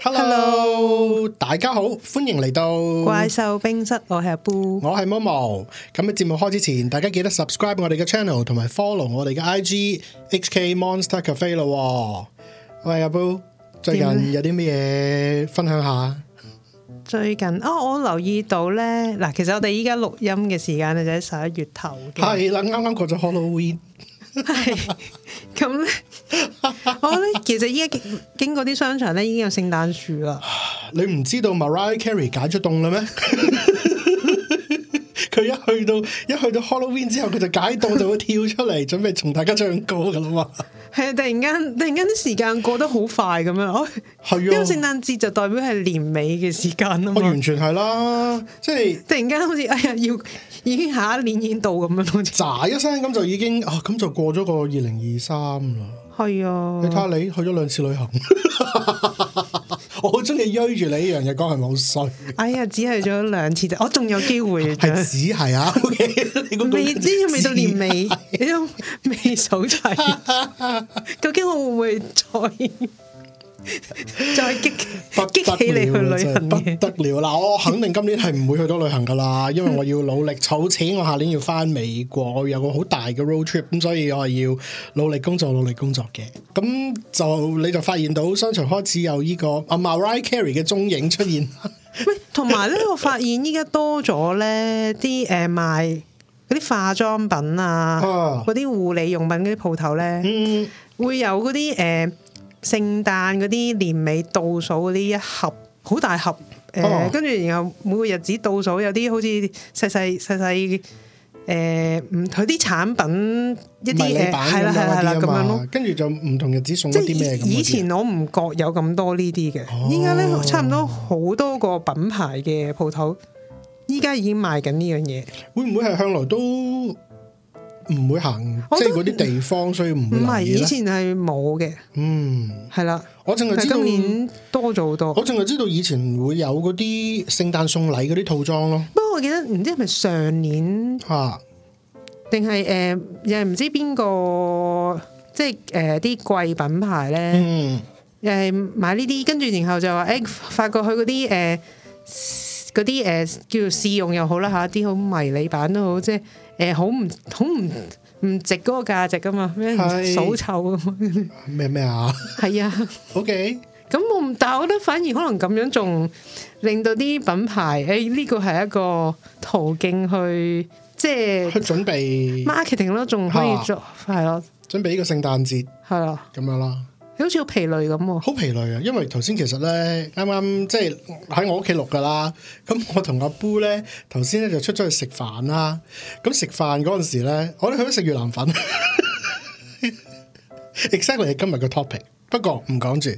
Hello，Hello. 大家好，歡迎嚟到怪獸冰室。我係阿 Boo，我係 Momo。咁喺節目開始之前，大家記得 subscribe 我哋嘅 channel，同埋 follow 我哋嘅 IG HK Monster Cafe 咯。喂，阿 Boo，最近樣有啲咩嘢分享下？最近啊、哦，我留意到咧，嗱，其實我哋依家錄音嘅時間咧就喺十一月頭。係啦，啱啱過咗 Halloween。係，咁。我咧，其實依家經過啲商場咧，已經有聖誕樹啦。你唔知道 Mariah Carey 解咗凍啦咩？佢 一去到一去到 Halloween 之後，佢就解凍就會跳出嚟，準備同大家唱歌噶啦嘛。係 啊，突然間突然間啲時間過得好快咁樣。我係啊，因為聖誕節就代表係年尾嘅時間啊嘛、哦。完全係啦，即、就、係、是、突然間好似哎呀要，要已經下一年已經到咁樣，眨一聲咁就已經啊咁、哦哦、就過咗個二零二三啦。係啊，你睇下你去咗兩次旅行， 我好中意追住你呢樣嘢講係咪好衰？是是哎呀，只去咗兩次咋， 我仲有機會。係只係啊，okay, 未知，未，知未到年尾，你都 未數齊， 究竟我會唔會再？ 再激激氣，你去旅行， 得了啦！我肯定今年係唔會去到旅行噶啦，因為我要努力儲錢，我下年要返美國，我有個好大嘅 road trip，咁所以我係要努力工作，努力工作嘅。咁就你就發現到商場開始有呢個 Mariah Carey 嘅蹤影出現，唔同埋咧，我發現依家多咗咧啲誒賣嗰啲化妝品啊，嗰啲護理用品嗰啲鋪頭咧，嗯、會有嗰啲誒。呃聖誕嗰啲年尾倒數嗰啲，一盒好大盒，誒、呃，哦、跟住然後每個日子倒數有啲好似細細細細，誒、呃，唔佢啲產品一啲嘅，係啦係啦係啦咁樣咯，跟住就唔同日子送啲咩？以前我唔覺有咁多、哦、呢啲嘅，依家咧差唔多好多個品牌嘅鋪頭，依家已經賣緊呢樣嘢，會唔會係向來都？唔會行，即係嗰啲地方，所以唔會唔係，以前係冇嘅。嗯，係啦的。我淨係知道今年多咗好多。我淨係知道以前會有嗰啲聖誕送禮嗰啲套裝咯。不過我記得唔知係咪上年吓，定係誒，又係唔知邊個，即係誒啲貴品牌咧。嗯、呃，誒買呢啲，跟住然後就話誒，發覺佢嗰啲誒嗰啲誒叫做試用又好啦吓，啲好迷你版都好，即係。誒好唔好唔唔值嗰個價值噶嘛？咩數臭咁？咩咩是 啊？係 啊 ，OK。咁我唔，但我覺得反而可能咁樣仲令到啲品牌誒呢個係一個途徑去，即係去準備 marketing 咯，仲可以做係咯，啊、了準備呢個聖誕節係咯，咁的樣啦。你好似好疲累咁，好疲累啊！因為頭先其實咧，啱啱即係喺我屋企錄噶啦。咁我同阿 Bo 咧，頭先咧就出咗去食飯啦。咁食飯嗰陣時咧，我哋去咗食越南粉。 Exactly 係今日嘅 topic，不過唔講住。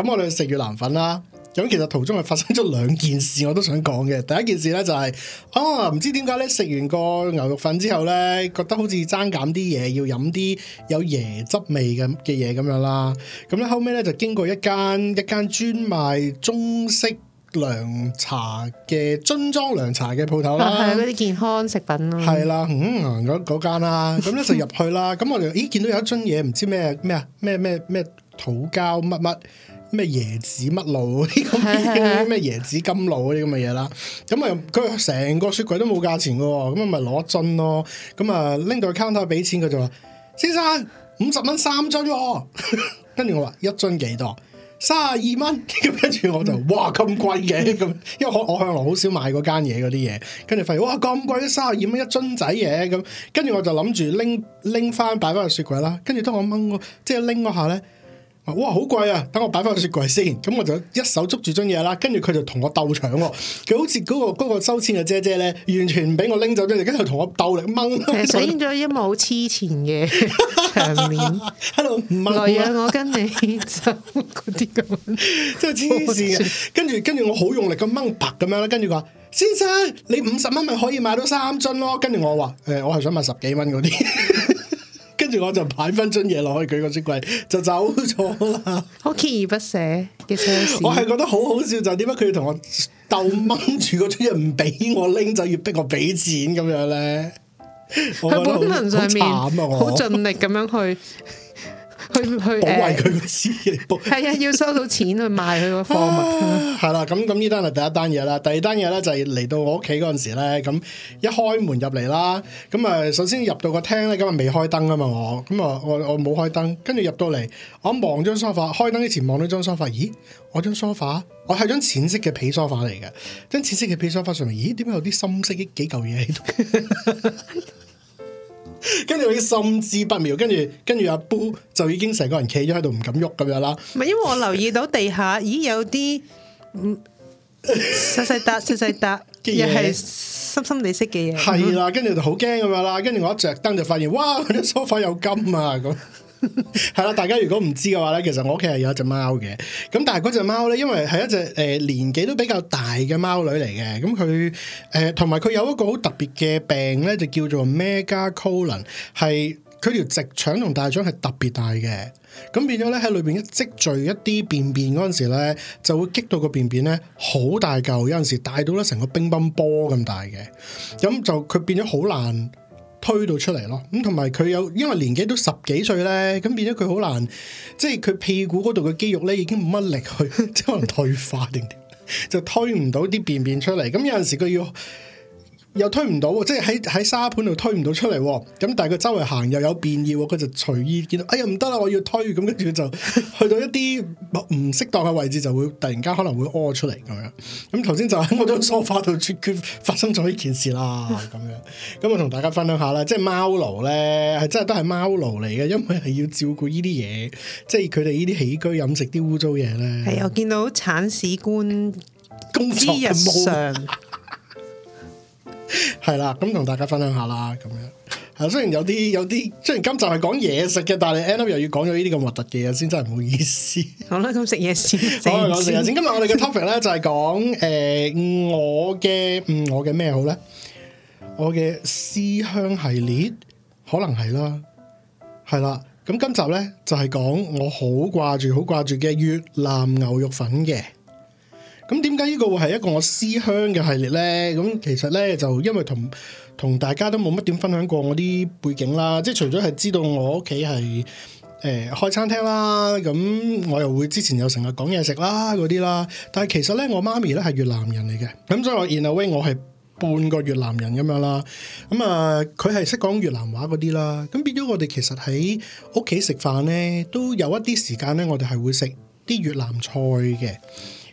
咁我哋去食越南粉啦。咁其實途中係發生咗兩件事，我都想講嘅。第一件事咧就係、是，哦、啊、唔知點解咧食完個牛肉粉之後咧，覺得好似爭減啲嘢，要飲啲有椰汁味嘅嘅嘢咁樣啦。咁、嗯、咧後尾咧就經過一間一間專賣中式涼茶嘅樽裝涼茶嘅鋪頭啦，係嗰啲健康食品啊。係、嗯嗯、啦，嗯嗰間啦，咁咧 就入去啦。咁我哋咦見到有一樽嘢，唔知咩咩啊咩咩咩土膠乜乜。咩椰子乜露嗰啲咁嘅咩椰子甘露嗰啲咁嘅嘢啦，咁啊佢成個雪櫃都冇價錢嘅喎，咁啊咪攞樽咯，咁啊拎到去 counter 俾錢佢就話：先生，五十蚊三樽，跟 住我話一樽幾多？卅啊二蚊，跟 住我就哇咁貴嘅，咁 因為我我向來好少買嗰間嘢嗰啲嘢，跟住發現哇咁貴，卅啊二蚊一樽仔嘢，咁跟住我就諗住拎拎翻擺翻去雪櫃啦，跟住當我掹即係拎嗰下咧。哇，好貴啊！等我擺翻個雪櫃先，咁我就一手捉住樽嘢啦，跟住佢就同我鬥搶、哦，佢好似嗰、嗰個、嗰個收錢嘅姐姐咧，完全唔俾我拎走啫，跟住同我鬥嚟掹，體現咗一幕好黐纏嘅場面。喺度掹嚟啊，我跟你走」嗰啲咁，真係黐線嘅。跟住跟住我好用力咁掹白咁樣咧，跟住佢話：先生，你五十蚊咪可以買到三樽咯。跟住我話：誒、欸，我係想買十幾蚊嗰啲。跟住我就擺翻樽嘢落去佢個雪櫃，就走咗啦。好鍥而不捨嘅，我係覺得好好笑，就係點解佢要同我鬥掹住嗰樽嘢唔俾我拎，就要、要，要逼我俾錢咁樣咧？喺 本能上面，好盡 力咁樣去。 去去保衛佢個資嚟，係啊，要收到錢去賣佢個貨物、 啊。係啦，咁咁呢單係第一單嘢啦，第二單嘢咧就係嚟到我屋企嗰陣時咧，咁一開門入嚟啦，咁啊首先入到個廳咧，今日未開燈啊嘛，我咁啊我我冇開燈，跟住入到嚟，我望張沙發，開燈之前望到張沙發，咦，我張沙發，我係張淺色嘅皮沙發嚟嘅，張淺色嘅皮沙發上面，咦，點解有啲深色嘅幾嚿嘢？ 跟住佢啲心知不妙，跟住跟住阿 Bo 就已經成個人企咗喺度唔敢喐咁樣啦。唔係，因為我留意到地下已經，咦，有啲細細笪、細細笪嘅嘢，深深地色嘅嘢。係啦，跟住就好驚咁樣啦。跟住我一着燈就發現，哇，嗰啲梳化有金啊咁。係啦， 大家如果唔知嘅話咧，其實我屋企係有一隻貓嘅。咁但係嗰隻貓咧，因為係一隻誒、呃、年紀都比較大嘅貓女嚟嘅。咁佢誒同埋佢有一個好特別嘅病咧，就叫做 Megacolon，係佢條直腸同大腸係特別大嘅。咁變咗咧喺裏邊積聚一啲便便嗰陣時咧，就會激到個便便咧好大嚿，有陣時到冰冰大到咧成個乒乓波咁大嘅。咁就佢變咗好難。推到出嚟咯，咁同埋佢有，因為年紀都十幾歲咧，咁變咗佢好難，即係佢屁股嗰度嘅肌肉咧已經冇乜力去，即可能退化定點， 就推唔到啲便便出嚟。咁有陣時佢要。又推唔到，即係喺喺沙盤度推唔到出嚟，咁但係佢周圍行又有便意，佢就隨意見到，哎呀唔得啦，我要推，咁跟住就去到一啲唔適當嘅位置，就會突然間可能會屙出嚟咁樣。咁頭先就喺我張梳化度出，發生咗呢件事啦，咁樣。咁我同大家分享下啦，即係貓奴咧，係真係都係貓奴嚟嘅，因為係要照顧呢啲嘢，即係佢哋呢啲起居飲食啲污糟嘢咧。係，我見到鏟屎官工作日常。 係啦，咁同大家分享下啦，咁樣。雖然有啲有啲，雖然今集係講嘢食嘅，但係 end up 又要講咗呢啲咁核突嘅嘢，先真係唔好意思。好啦，咁食嘢先，我嚟講食嘢先。 今日我哋嘅 topic 咧就係講誒，我嘅嗯，我嘅咩好咧？我嘅思鄉系列可能係啦，係啦。咁今集咧就係、是、講我好掛住，好掛住嘅越南牛肉粉嘅。咁點解呢個會係一個我思鄉嘅系列咧？咁其實咧就因為同同大家都冇乜點分享過我啲背景啦，即係除咗係知道我屋企係誒開餐廳啦，咁、嗯、我又會之前又成日講嘢食啦嗰啲啦。但係其實咧，我媽咪咧係越南人嚟嘅，咁、嗯、所以而家咧我係半個越南人咁樣啦。咁、嗯、啊，佢係識講越南話嗰啲啦。咁變咗我哋其實喺屋企食飯咧，都有一啲時間咧，我哋係會食啲越南菜嘅。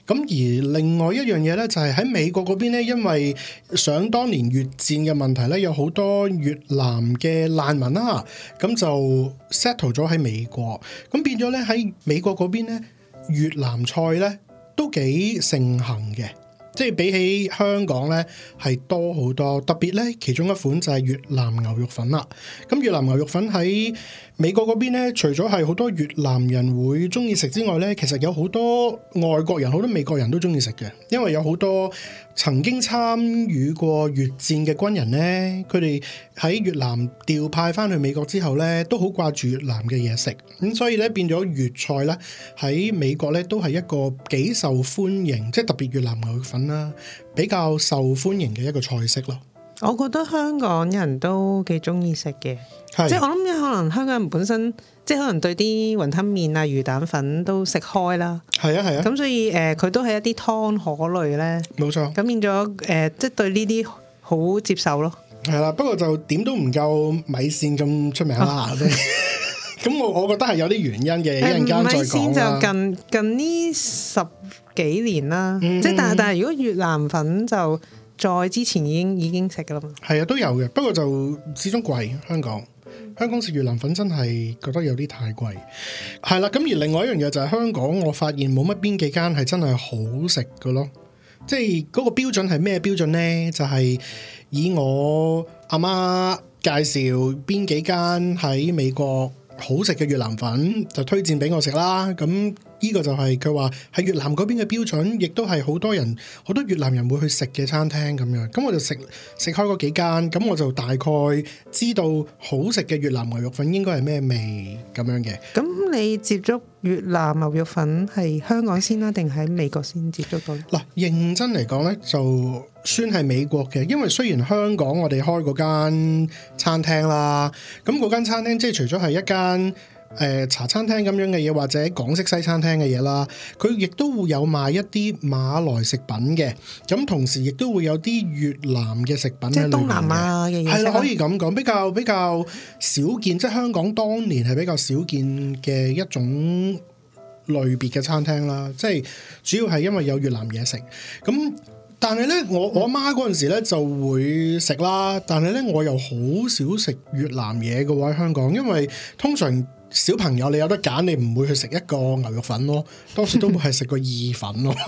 咁而另外一樣嘢咧，就係、是、喺美國嗰邊咧，因為想當年越戰嘅問題咧，有好多越南嘅難民啦、啊，咁、嗯、就 settle 咗喺美國，咁、嗯、變咗咧喺美國嗰邊咧，越南菜咧都幾盛行嘅，即係比起香港咧係多好多，特別咧其中一款就係越南牛肉粉啦、啊，咁、嗯、越南牛肉粉喺美國嗰邊咧，除咗係好多越南人會中意食之外咧，其實有好多外國人、好多美國人都中意食嘅，因為有好多曾經參與過越戰嘅軍人咧，佢哋喺越南調派翻去美國之後咧，都好掛住越南嘅嘢食，咁所以咧變咗越菜咧喺美國咧都係一個幾受歡迎，即係特別越南牛肉粉啦，比較受歡迎嘅一個菜式咯。我覺得香港人都幾中意食嘅，的即係我諗可能香港人本身，即係可能對啲雲吞麵啊、魚蛋粉都食開啦。係啊，係啊。咁所以誒，佢、呃、都係一啲湯河類咧，冇錯。咁變咗誒、呃，即係對呢啲好接受咯。係啦，不過就點都唔夠米線咁出名啦。咁我、啊、 我覺得係有啲原因嘅，一陣間再講啦。米線就近近呢十幾年啦，即係、嗯嗯、但係但係如果越南粉就。在之前已經已經食噶啦嘛。係啊都有嘅，不過就始終貴。香港，香港食越南粉真係覺得有啲太貴，係啦。咁而另外一樣嘢就係香港，我發現冇乜邊幾間係真係好食嘅咯。即係嗰個標準係咩標準呢？就係以我阿媽介紹邊幾間喺美國好食嘅越南粉，就推薦俾我食啦。咁。呢個就係佢話喺越南嗰邊嘅標準，亦都係好多人好多越南人會去食嘅餐廳咁樣。咁我就食食開嗰幾間，咁我就大概知道好食嘅越南牛肉粉應該係咩味咁樣嘅。咁你接觸越南牛肉粉係香港先啦，啊，定喺美國先接觸到？嗱，認真嚟講呢，就算係美國嘅，因為雖然香港我哋開嗰間餐廳啦，咁嗰間餐廳即係除咗係一間。誒、呃、茶餐廳咁樣嘅嘢，或者港式西餐廳嘅嘢啦，佢亦都會有賣一啲馬來食品嘅，咁同時亦都會有啲越南嘅食品，即係東南亞嘅嘢。嗯。係咯，可以咁講，比較比較少見，即係香港當年係比較少見嘅一種類別嘅餐廳啦。即係主要係因為有越南嘢食。咁但係咧，我我媽嗰陣時咧就會食啦，但係咧我又好少食越南嘢嘅話喺香港，因為通常。小朋友，你有得揀，你唔會去食一個牛肉粉咯，多數都會係食個意粉咯。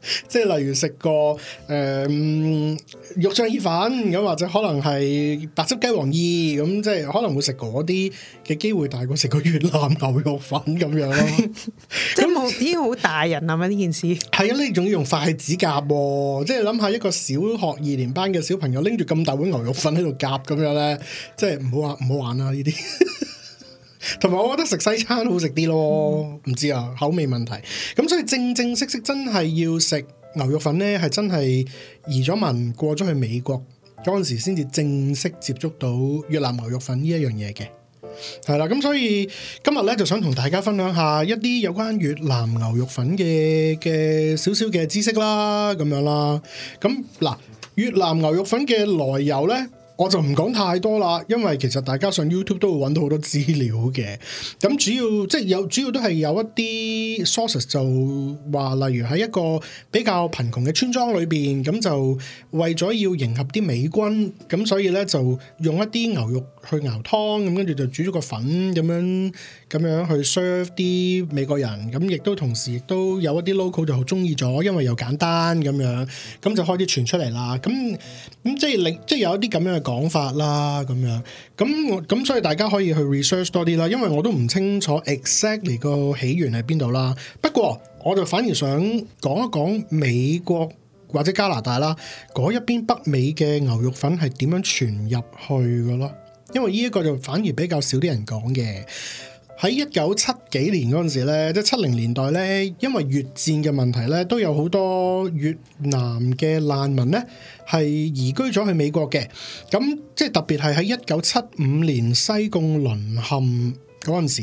即係例如食個誒肉醬意粉咁，或者可能係白汁雞皇意咁，即係可能會食嗰啲嘅機會大過食個越南牛肉粉咁樣咯。咁好冇，好 大人啦！呢件事係啊，你仲要用筷子夾？即係諗下一個小學二年班嘅小朋友拎住咁大碗牛肉粉喺度夾咁樣咧，即係唔好玩，唔好玩啊！呢啲。 同埋，我覺得食西餐好食啲咯，唔、嗯、知啊，口味問題。咁所以正正式式真係要食牛肉粉呢，係真係移咗民過咗去美國嗰陣時，先至正式接觸到越南牛肉粉呢一樣嘢嘅。係啦，咁所以今日呢，就想同大家分享下一啲有關越南牛肉粉嘅嘅少少嘅知識啦，咁樣啦。咁嗱，越南牛肉粉嘅來由呢。我就唔講太多啦，因為其實大家上 YouTube 都會揾到好多資料嘅。咁主要即係有，主要都係有一啲 sources 就話，例如喺一個比較貧窮嘅村莊裏邊，咁就為咗要迎合啲美軍，咁所以呢就用一啲牛肉。去熬湯咁，跟住就煮咗個粉咁樣，咁樣去 serve 啲美國人咁，亦都同時亦都有一啲 local 就好鍾意咗，因為又簡單咁樣，咁就開始傳出嚟啦。咁咁即係，即係有一啲咁樣嘅講法啦。咁樣咁咁，所以大家可以去 research 多啲啦。因為我都唔清楚 exactly 個起源喺邊度啦。不過我就反而想講一講美國或者加拿大啦嗰一邊北美嘅牛肉粉係點樣傳入去噶咯？因為呢一個就反而比較少啲人講嘅，喺一九七幾年嗰陣時咧，即係七零年代咧，因為越戰嘅問題咧，都有好多越南嘅難民咧係移居咗去美國嘅，咁即係特別係喺一九七五年西貢淪陷嗰陣時，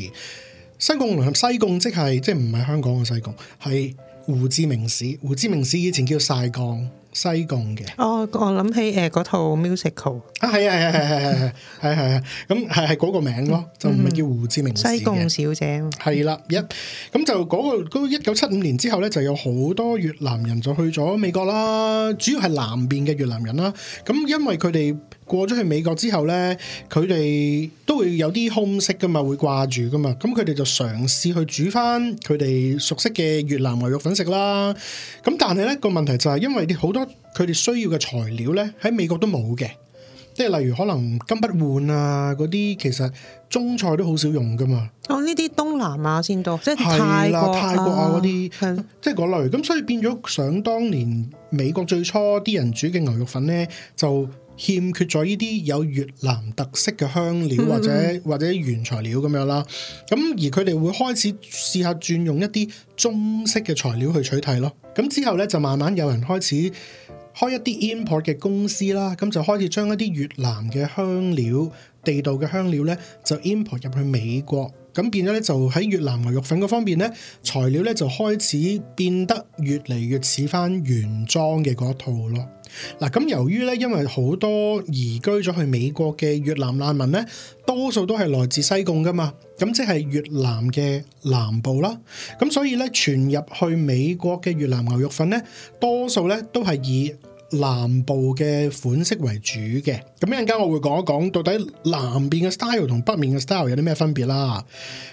西貢淪陷，西貢即係即係唔係香港嘅西貢，係胡志明市，胡志明市以前叫晒貢。西貢嘅，哦，我諗起誒嗰、呃、套 musical 啊，係啊，係 啊，係係係係係係，咁係係嗰個名咯，就唔係叫胡志明的的。西貢小姐，係啦，一 咁、yeah. 就嗰、嗰個嗰一九七五年之後咧，就有好多越南人就去咗美國啦，主要係南邊嘅越南人啦，咁因為佢哋。過咗去美國之後咧，佢哋都會有啲空色噶嘛，會掛住噶嘛。咁佢哋就嘗試去煮翻佢哋熟悉嘅越南牛肉粉食啦。咁但係咧個問題就係，因為好多佢哋需要嘅材料咧喺美國都冇嘅，即係例如可能金不換啊嗰啲，其實中菜都好少用噶嘛。哦，呢啲東南亞先多，即係泰國、啊、泰國啊嗰啲，的即係嗰類。咁所以變咗，想當年美國最初啲人煮嘅牛肉粉咧就。欠缺咗呢啲有越南特色嘅香料或者或者原材料咁樣啦，咁而佢哋會開始試下轉用一啲中式嘅材料去取替咯。咁之後咧就慢慢有人開始開一啲 import 嘅公司啦，咁就開始將一啲越南嘅香料、地道嘅香料咧就 import 入去美國，咁變咗咧就喺越南牛肉粉嗰方面咧，材料咧就開始變得越嚟越似返原裝嘅嗰一套咯。嗱，咁由於咧，因為好多移居咗去美國嘅越南難民咧，多數都係來自西貢㗎嘛，咁即係越南嘅南部啦。咁所以咧，傳入去美國嘅越南牛肉粉咧，多數咧都係以南部嘅款式為主嘅。咁一陣間我會講一講到底南面嘅 style 同北面嘅 style 有啲咩分別啦。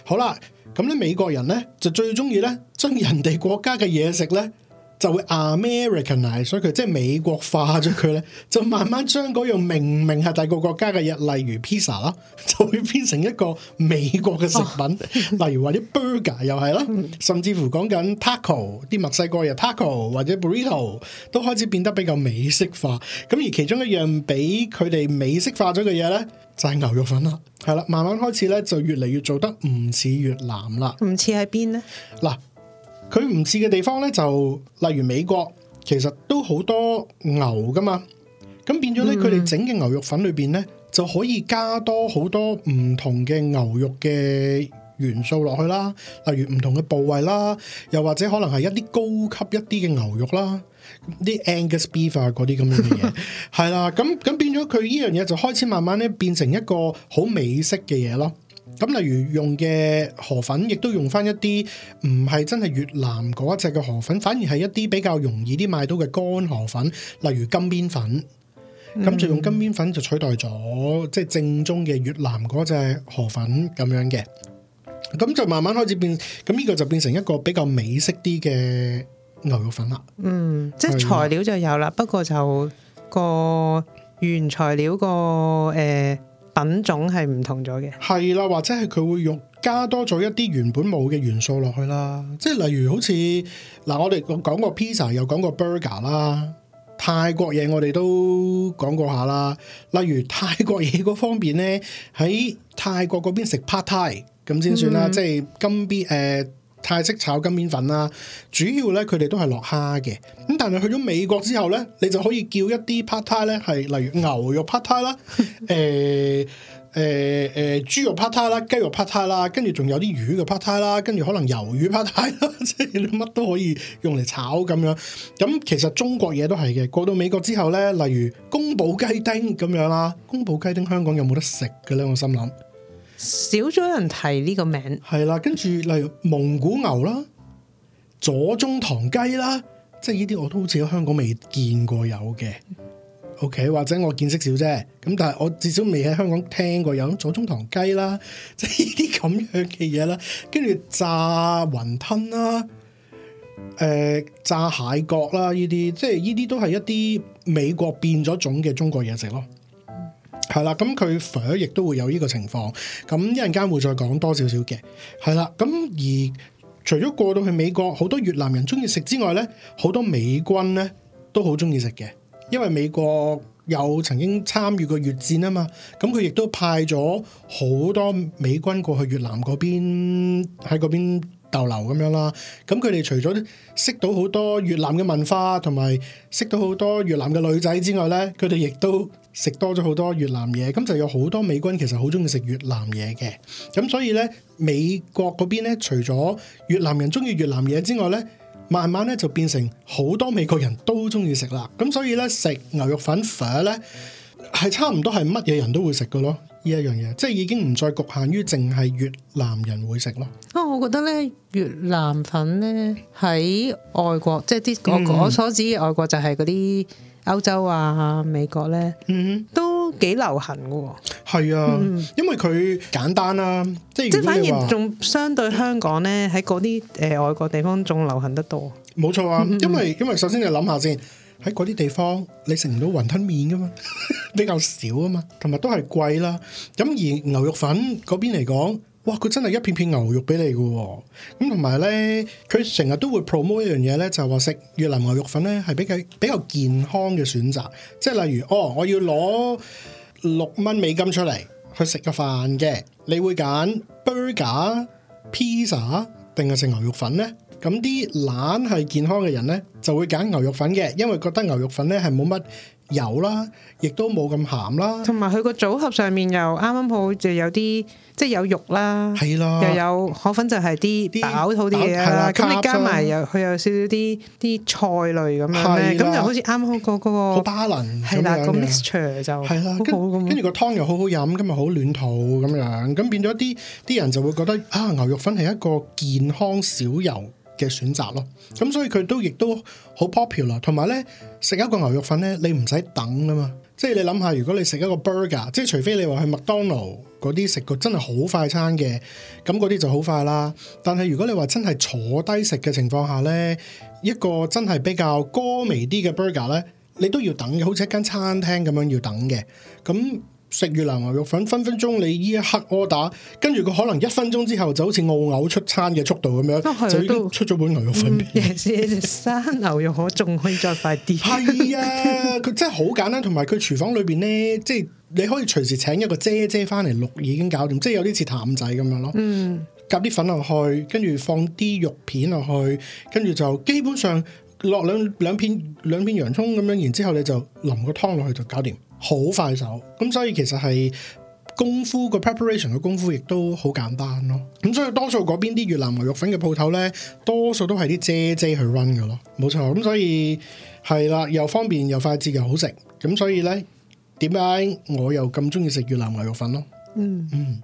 好啦，咁咧美國人咧就最鍾意咧將人哋國家嘅嘢食咧。就會 Americanize，所以佢即係美國化咗佢咧， 就慢慢將嗰樣明明係第個國家嘅嘢，例如 pizza 咯，就會變成一個美國嘅食品。哦、例如或者 burger 又係啦， 甚至乎講緊 taco，啲墨西哥嘢 taco 或者 burrito 都開始變得比較美式化。咁而其中一樣俾佢哋美式化咗嘅嘢咧，就係牛肉粉啦。係啦，慢慢開始咧就越嚟越做得唔似越南啦。唔似喺邊咧？嗱。佢唔似嘅地方咧，就例如美國，其實都好多牛㗎嘛，咁變咗咧，佢哋整嘅牛肉粉裏邊咧，就可以加多好多唔同嘅牛肉嘅元素落去啦，例如唔同嘅部位啦，又或者可能係一啲高級一啲嘅牛肉啦，啲 Angus beef 啊，嗰啲咁樣嘅嘢，係啦， 咁咁變咗佢依樣嘢就開始慢慢咧變成一個好美式嘅嘢咯。咁例如用嘅河粉，亦都用返一啲唔係真係越南嗰隻嘅河粉，反而係一啲比較容易啲買到嘅乾河粉，例如金邊粉。咁、嗯、就用金邊粉就取代咗即係正宗嘅越南嗰隻河粉咁樣嘅。咁就慢慢開始變，咁呢個就變成一個比較美式啲嘅牛肉粉啦。嗯，即係材料就有啦，的不過就個原材料個誒。欸品種係唔同咗嘅，係啦，或者係佢會用加多咗一啲原本冇嘅元素落去啦，的即係例如好似嗱，我哋講過 pizza 又講過 burger 啦，泰國嘢我哋都講過下啦，例如泰國嘢嗰方面咧，喺泰國嗰邊食 Pad Thai 咁先算啦，嗯、即係金邊誒。Uh, 泰式炒金邊粉啦，主要咧佢哋都係落蝦嘅，咁但係去咗美國之後咧，你就可以叫一啲 pad thai 咧，係例如牛肉 pad thai 啦，誒誒誒豬肉 pad thai 啦，雞肉 pad thai 啦，跟住仲有啲魚嘅 pad thai 啦，跟住可能魷魚 pad thai 啦，即係你乜都可以用嚟炒咁樣。咁其實中國嘢都係嘅，過到美國之後咧，例如宮保雞丁咁樣啦，宮保雞丁香港有冇得食嘅咧？我心諗。少咗人提呢個名，係啦。跟住例如蒙古牛啦、左宗棠雞啦，即係呢啲我都好似喺香港未見過有嘅。OK，或者我見識少啫。咁但係我至少未喺香港聽過有左宗棠雞啦，即係呢啲咁樣嘅嘢啦。跟住炸雲吞啦，誒、呃，炸蟹角啦，呢啲即係呢啲都係一啲美國變咗種嘅中國嘢食咯。係啦，咁佢肥 o 亦都會有呢個情況，咁一陣間會再講多少少嘅。係啦，咁而除咗過到去美國，好多越南人中意食之外咧，好多美軍咧都好中意食嘅，因為美國有曾經參與過越戰啊嘛，咁佢亦都派咗好多美軍過去越南嗰邊，喺嗰邊逗留咁樣啦，咁佢哋除咗識到好多越南嘅文化，同埋識到好多越南嘅女仔之外咧，佢哋亦都。食多咗好多越南嘢，咁就有好多美軍其實好中意食越南嘢嘅，咁所以咧美國嗰邊咧，除咗越南人中意越南嘢之外咧，慢慢咧就變成好多美國人都中意食啦。咁所以咧食牛肉粉粉咧，係差唔多係乜嘢人都會食㗎咯，呢一樣嘢，即係已經唔再局限於淨係越南人會食咯。啊、哦，我覺得咧越南粉咧喺外國，即係啲我所指嘅外國就係嗰啲。嗯歐洲啊，美國咧，mm hmm. 都幾流行嘅、哦。係啊，mm hmm. 因為佢簡單啦、啊，即係即係，反而仲相對香港咧，喺嗰啲誒外國地方仲流行得多。冇錯啊，因為因為首先你諗下先，喺嗰啲地方你食唔到雲吞麵噶嘛，比較少啊嘛，同埋都係貴啦。咁而牛肉粉嗰邊嚟講。哇！佢真係一片片牛肉俾你嘅、哦，咁同埋咧，佢成日都會 promote 一樣嘢咧，就係話食越南牛肉粉咧係比較比較健康嘅選擇。即係例如，哦，我要攞六蚊美金出嚟去食個飯嘅，你會揀 burger、pizza 定係食牛肉粉呢？咁啲懶係健康嘅人呢，就會揀牛肉粉嘅，因為覺得牛肉粉呢係冇乜油啦，亦都冇咁鹹啦，同埋佢個組合上面又啱啱好就有啲即係有肉啦，係的啦，又有河粉就係啲啲飽肚啲嘢啦。係啦，咁你加埋又佢有少少啲啲菜類咁樣咁的就好似啱啱嗰嗰個好 balance，係啦的，咁 mixture 就係啦的，跟樣跟住個湯又好好飲，今日好暖肚咁樣，咁變咗啲啲人就會覺得啊，牛肉粉係一個健康少油嘅選擇咯。咁所以佢都亦都好 popular，同埋咧。食一個牛肉粉咧，你唔使等吖嘛。即係你諗下，如果你食一個 burger，即係除非你話去麥當勞嗰啲食個真係好快餐嘅，咁嗰啲就好快啦。但係如果你話真係坐低食嘅情況下咧，一個真係比較高微啲嘅 burger 咧，你都要等，好似一間餐廳咁樣要等嘅。咁食越南牛肉粉，分分鐘你呢一刻 order，跟住佢可能一分鐘之後就好似澳牛出餐嘅速度咁樣，就已經出咗碗牛肉粉，嗯。Yes, yes, yes, 生牛肉我仲可以再快啲。係 啊，佢 真係好簡單，同埋佢廚房裏邊咧，即係你可以隨時請一個姐姐翻嚟錄，已經搞掂。即係有啲似譚仔咁樣咯。嗯，夾啲粉落去，跟住放啲肉片落去，跟住就基本上落兩兩片兩片洋蔥咁樣，然之後你就淋個湯落去就搞掂。好快手，咁所以其實係功夫個 preparation 嘅功夫亦都好簡單咯。咁所以多數嗰邊啲越南牛肉粉嘅鋪頭呢，多數都係啲姐姐去 run 嘅咯。冇錯，咁所以係啦，又方便又快捷又好食。咁所以呢，點解我又咁鍾意食越南牛肉粉咯？嗯。嗯。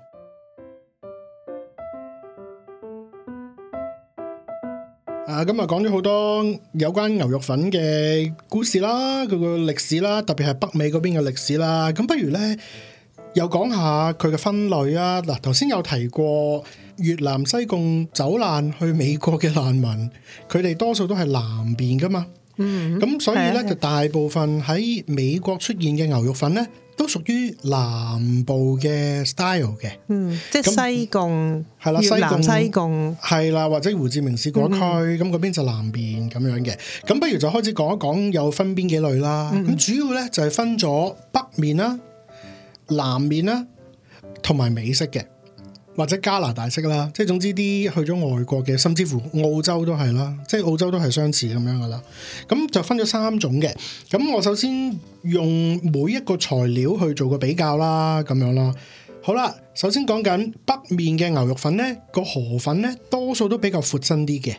啊，咁啊，講咗好多有關牛肉粉嘅故事啦，佢個歷史啦，特別係北美嗰邊嘅歷史啦，咁不如咧，又講下佢嘅分類啊。嗱，啊，頭先有提過越南西貢走難去美國嘅難民，佢哋多數都係南邊噶嘛。咁、嗯、所以咧，的就大部分喺美國出現嘅牛肉粉咧，都屬於南部嘅 style 嘅，嗯，即係西貢，係啦那，西貢，西貢係啦，或者胡志明市嗰區，咁嗰邊就南面咁樣嘅。咁不如就開始講一講，有分邊幾類啦。咁、嗯、主要咧就係、是、分咗北面啦、啊、南面啦、啊，同埋美式嘅。或者加拿大式啦，即係總之啲去咗外國嘅，甚至乎澳洲都係啦，即係澳洲都係相似咁樣噶啦。咁就分咗三種嘅。咁我首先用每一個材料去做個比較啦，咁樣啦。好啦，首先講緊北面嘅牛肉粉咧，個河粉咧多數都比較闊身啲嘅，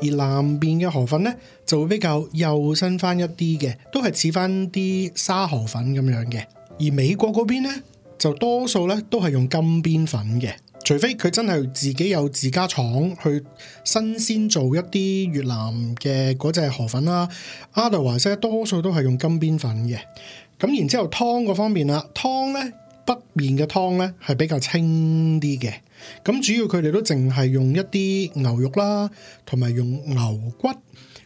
而南面嘅河粉咧就會比較幼身翻一啲嘅，都係似翻啲沙河粉咁樣嘅。而美國嗰邊咧。就多數咧都係用金邊粉嘅，除非佢真係自己有自家廠去新鮮做一啲越南嘅嗰隻河粉啦。Otherwise 多數都係用金邊粉嘅。咁然之後湯嗰方面啦，湯呢北面嘅湯呢係比較清啲嘅。咁主要佢哋都淨係用一啲牛肉啦，同埋用牛骨，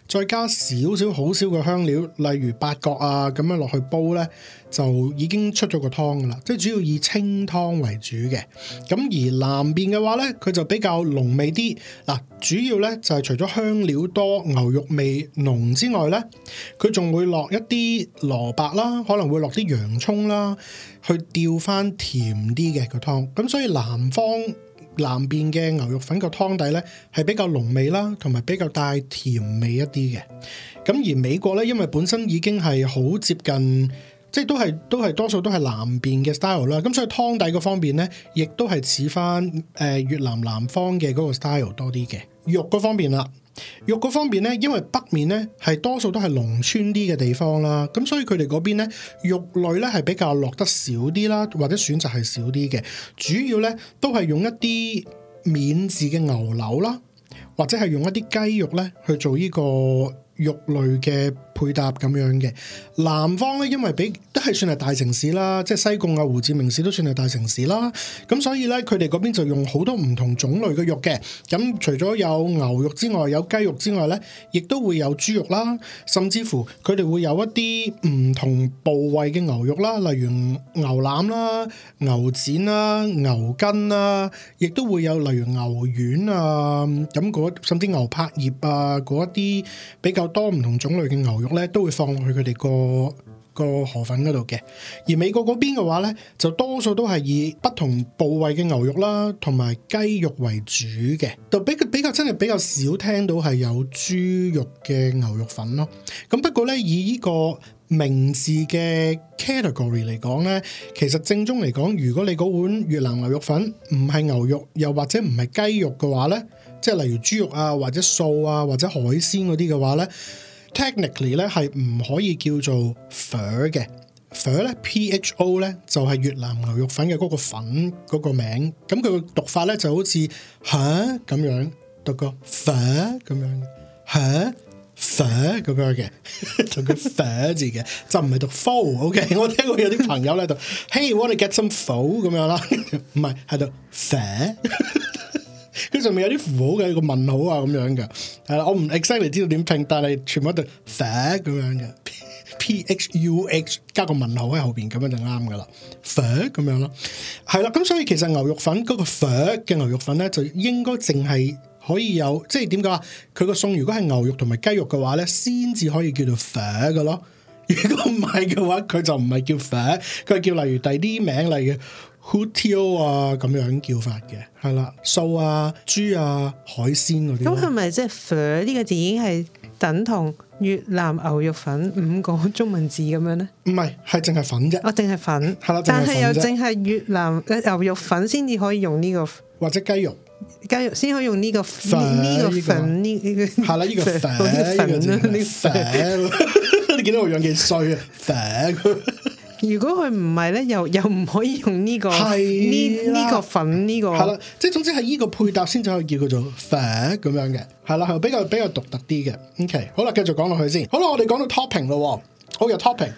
再加少少好少嘅香料，例如八角啊咁樣落去煲呢，就已經出咗個湯噶啦，即係主要以清湯為主嘅。咁而南邊嘅話呢，佢就比較濃味啲。嗱，主要呢就係除咗香料多，牛肉味濃之外呢，佢仲會落一啲蘿蔔啦，可能會落啲洋蔥啦，去調翻甜啲嘅個湯。咁所以南方南邊嘅牛肉粉個湯底呢，係比較濃味啦，同埋比較帶甜味一啲嘅。咁而美國呢，因為本身已經係好接近。即係都係都係多數都係南邊嘅 style 啦，咁所以湯底嗰方面咧，亦都係似返誒越南南方嘅嗰個 style 多啲嘅。肉嗰方面啦，肉嗰方面咧，因為北面咧係多數都係農村啲嘅地方啦，咁所以佢哋嗰邊咧肉類咧係比較落得少啲啦，或者選擇係少啲嘅，主要咧都係用一啲免治嘅牛柳啦，或者係用一啲雞肉咧去做呢個肉類嘅。配搭咁樣嘅南方咧，因為比都係算係大城市啦，即係西貢啊、胡志明市都算係大城市啦。咁所以咧，佢哋嗰邊就用好多唔同種類嘅肉嘅。咁、嗯、除咗有牛肉之外，有雞肉之外咧，亦都會有豬肉啦，甚至乎佢哋會有一啲唔同部位嘅牛肉啦，例如牛腩啦、牛展啦、啊、牛筋啦、啊，亦都會有例如牛丸啊，咁、嗯、嗰甚至牛柏葉啊嗰一啲比較多唔同種類嘅牛肉。咧都會放落去佢哋個個河粉嗰度嘅，而美國嗰邊嘅話咧，就多數都係以不同部位嘅牛肉啦，同埋雞肉為主嘅，就比比較真係比較少聽到係有豬肉嘅牛肉粉咯。咁不過咧，以呢個名字嘅 category 嚟講咧，其實正宗嚟講，如果你嗰碗越南牛肉粉唔係牛肉，又或者唔係雞肉嘅話咧，即係例如豬肉啊，或者素啊，或者海鮮嗰啲嘅話咧。Technically 咧係唔可以叫做 fer 嘅，fer 咧 P H O 咧就係越南牛肉粉嘅嗰個粉嗰個名。咁佢嘅讀法咧就好似嚇咁樣讀個 fer 咁、huh? 樣嚇 fer 咁樣嘅同佢 fer 字嘅 就唔係讀 fo。OK，我聽過有啲朋友咧讀 Hey, want to get some fo 咁樣啦，唔係係讀 fer. 佢上面有啲符號嘅，個問號啊咁樣嘅，係啦，我唔 exactly 知道點拼，但係全部都 fair 咁樣嘅，p, P h u h 加個問號喺後邊咁樣就啱噶啦，fair 咁樣咯，係啦，咁所以其實牛肉粉嗰、嗰個 fair 嘅牛肉粉咧，就應該淨係可以有，即係點講啊？佢個餸如果係牛肉同埋雞肉嘅話咧，先至可以叫做 fair 嘅咯，如果唔係嘅話，佢就唔係叫 fair，佢係叫例如第啲名例嘅。h o t 啊，咁樣叫法嘅，係啦，素啊、豬啊、海鮮嗰啲，咁係咪即係 phở 呢個字已經係等同越南牛肉粉五個中文字咁樣咧？唔係，係淨係粉啫，哦，淨係粉，但係又淨係越南牛肉粉先至可以用呢個，或者雞肉，雞肉先可以用呢個粉。呢個粉呢呢個，係啦呢個粉粉呢粉，你見到我樣幾衰啊？粉。如果佢唔係咧，又又唔可以用呢、呢個呢呢的這個粉呢、嗯呢個。係啦，即係總之係呢個配搭先至可以叫佢做 Phở 咁樣嘅。係啦，係比較比較獨特啲嘅。OK，好啦，繼續講落去先。好啦，我哋講到 topping 咯、哦。好有 topping